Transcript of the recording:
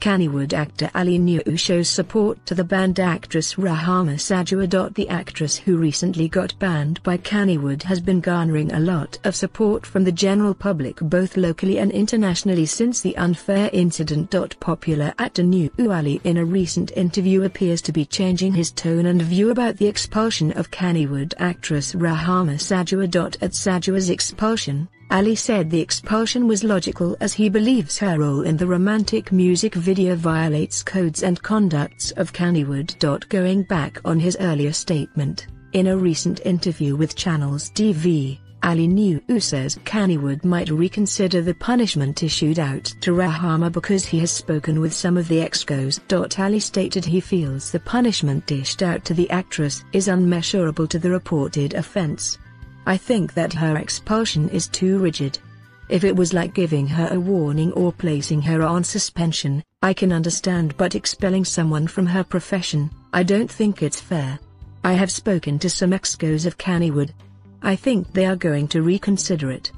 Kannywood actor Ali Niu shows support to the banned actress Rahama Sajua. The actress who recently got banned by Kannywood has been garnering a lot of support from the general public both locally and internationally since the unfair incident. Popular actor Niu Ali in a recent interview appears to be changing his tone and view about the expulsion of Kannywood actress Rahama Sajua. At Sajua's expulsion, Ali said the expulsion was logical as he believes her role in the romantic music video violates codes and conducts of Kannywood. Going back on his earlier statement, in a recent interview with Channels TV, Ali Niu says Kannywood might reconsider the punishment issued out to Rahama because he has spoken with some of the excos. Ali stated he feels the punishment dished out to the actress is unmeasurable to the reported offense I think that her expulsion is too rigid. If it was like giving her a warning or placing her on suspension, I can understand but expelling someone from her profession, I don't think it's fair. I have spoken to some excos of Cannywood. I think they are going to reconsider it.